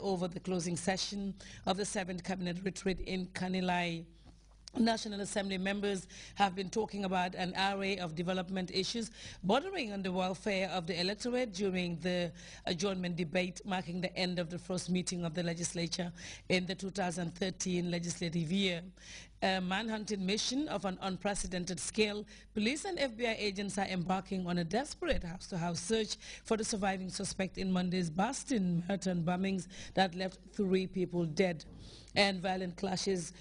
over the closing session of the seventh cabinet retreat in Kanilai. National Assembly members have been talking about an array of development issues bordering on the welfare of the electorate during the adjournment debate marking the end of the first meeting of the legislature in the 2013 legislative year. A manhunting mission of an unprecedented scale, police and FBI agents are embarking on a desperate house-to-house -house search for the surviving suspect in Monday's Boston marathon bombings that left three people dead. And violent clashes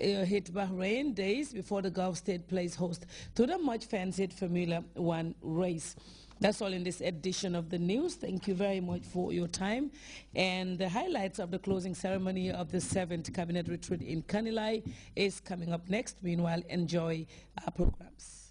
uh, hit Bahrain days before the Gulf state plays host to the much-fancied Formula One race. That's all in this edition of the news. Thank you very much for your time. And the highlights of the closing ceremony of the 7th Cabinet Retreat in Kanilai is coming up next. Meanwhile, enjoy our programs.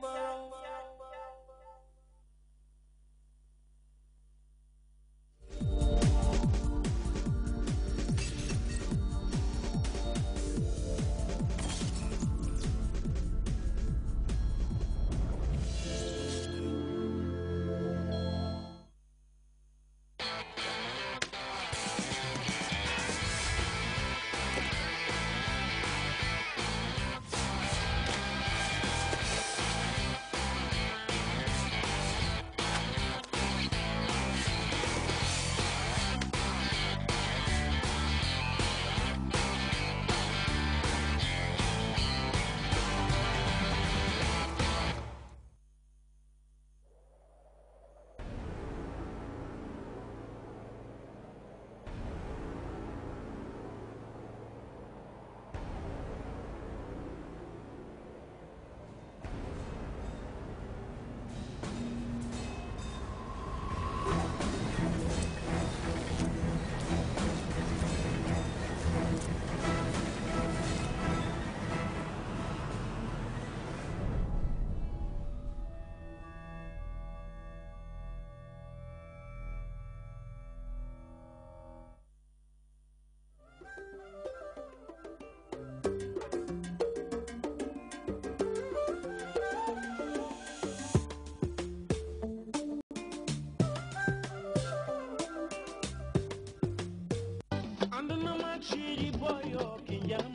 black,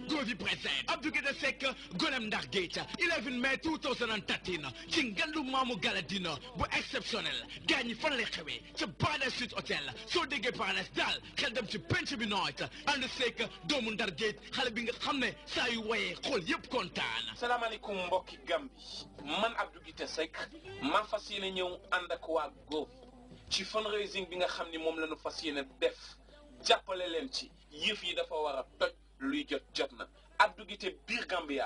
Govi present, Abdougueda Sek, Golem Dargate, 11 mai 2013, Chingandu Mamu Galadino, bu exceptionnel, Gagne fan lay xewee ca Baada Suite Hotel, So dégué Paradise daal xel dem ci penc bi noot, ànd Seck doomu Ndar Gate, xale bi nga xam ne saa yu woyee xool yëpp kontaan. mbokki Gambi, man Abdougueda Sek, maa fas yéene ñëw ànd ak Govi ci fundraising bi nga xam ni moom la def jàppale leen ci. yëf yi dafa war a toj luy jot jot na addu gi te Gambia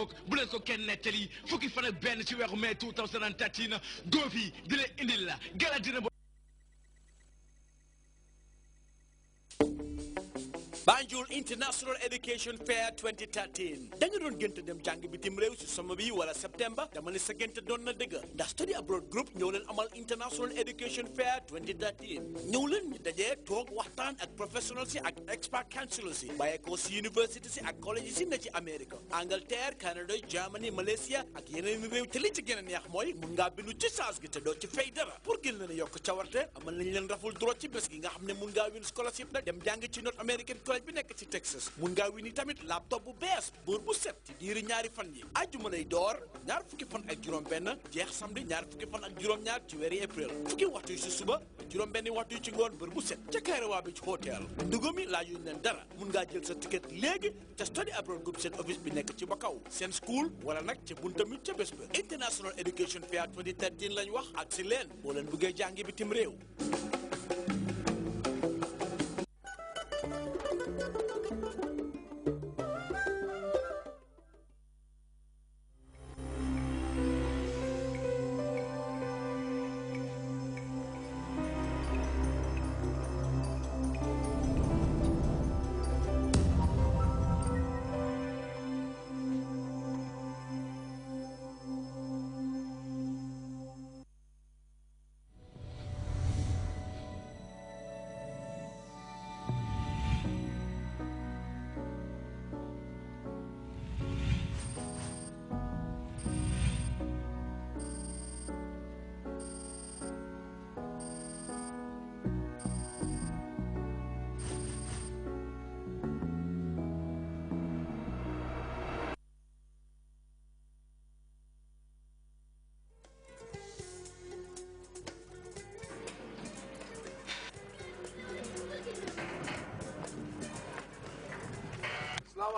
ngoog bu leen ko kenn nettali fukki fan ak benn ci weeru mai 2013 góof yi di gala dina Banjul International Education Fair 2013 da nga doon gënt dem jàng bitim réew si sama bi wala September. dama ne sa gënt doon na dëgg ndax study abroad group ñëw leen amal International Education Fair 2013 ñëw leen ñu dajee toog waxtaan ak professional si ak expert councilor si bàyyeekoo si university si ak college si na ci Amérique Angleterre Canada Germany Malaysia ak yeneen réew te li ci gën a neex mooy mun ngaa bindu ci saas gi te doo ci fay dara pour gën leen a yokk cawarte amal nañ leen raful droit ci bés gi nga xam ne mun ngaa win scholarship nag dem jàng ci North American College doj bi ci Texas mun ngaa wini tamit laptop bu berbuset buur bu set ci diiri ñaari fan yi ajjuma lay door ñaar fukki fan ak juróom benn jeex samedi ñaar fukki fan ak juróom ñaar ci april fukki waxtu yi ci suba juróom waktu waxtu yi ci ngoon buur bu set Hotel ndugami laa yuñ leen dara mun ngaa jël sa ticket study abroad group set office bi nekk ci Bakaw school wala nag ca buntam it International Education Fair 2013 lañ wax ak si leen boo leen bëggee jàngi bitim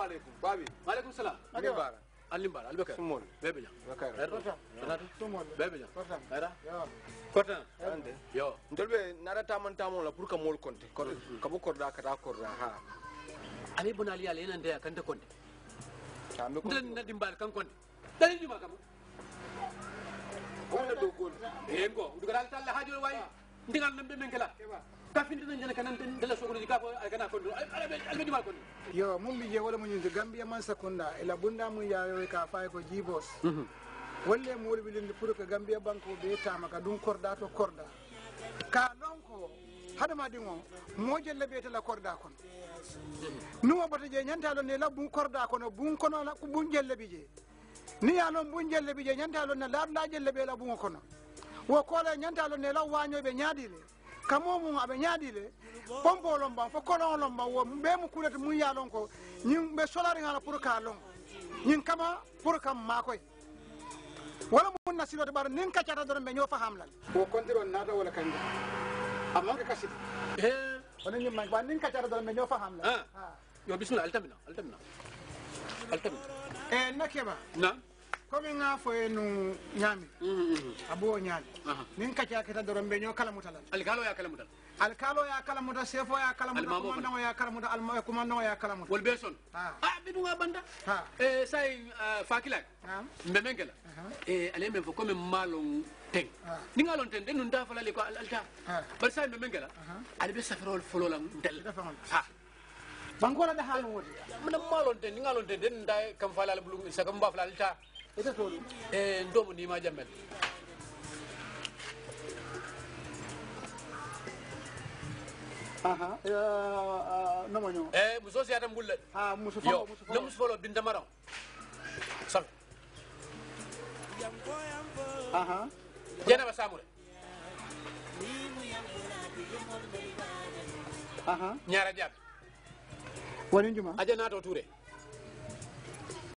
aleykum baabi maaleykum salaam ade bara alim bara albe kay sumon bebe nya bakara erta sanatu sumon bebe nya korta era korta ande yo ndolbe nara tamon tamon la pour que mol konte korta mm. kabo korda kata korda ha ali bonali ali nan de kante konte kambe ko den na dimbal kan konte tani dima kam ko na dogol en ko dugala talla hajol wayi ndigal nambe men kala yo mum ɓe je wala mo ñunde gambia man sakunda ela bunda mum yayoy ka fay ko jibos mhm. walle mo wolwilinde pour que gambia banque ɓe tama ka ɗum korda to korda ka lon ko haɗama ɗin o mojelle ɓeytela korda kono mhm. numo bota je ñantalon ne la bun korda kono bun kono bun jellebi je ni yalon bun jellebi je ñantalon ne laɗlaƴelle ɓe la bungo kono wo koole ñantalon ne la wañoɓe ñaaɗile kamo mum aɓe ñaaɗile pompo lomban fo kolon lomban wo ɓe mo kuulete mum ya lon ko ñin ɓe solariŋala pour ka lon ñin kama pour kam makoye wala mum nasirode ɓaɗo nin kaccata doron ɓe ñoofa hamlal wo kontiron naata wala kandi amman ka kasiti onon ñimman ɓa nin kaccata doron ɓe ñoofa hamlal ah. yo bisimilla altamina altamina altamina e eh, nakkeɓa na komi mm-hmm. a fo ye nu ñaami a bo ñaami nin kacca kita doron be ño kalamutalal alkalo ya kalamutal alkalo a kalamuta sefo ya kalamuta kumandoŋo a kalamuta alma eh, kumandoŋo a kalamuta wol be son ah, a bidunga banda e eh, say eh, fakilak mbe men kela e ale men fo komi malon teng ni nga lon teng denun da fala le ko alta bar say mbe men kela ale be la ndel ha bangola da halon wodi mbe malon teng ni nga lon teng den da kam fala la bulu sa kam ba fala ita tolu eh ndomu ni ma jamel aha ya na manyo eh muso siya tam gulle ha muso fo muso fo muso fo bin damaram sang aha jena ba samure ñaara jaab wani juma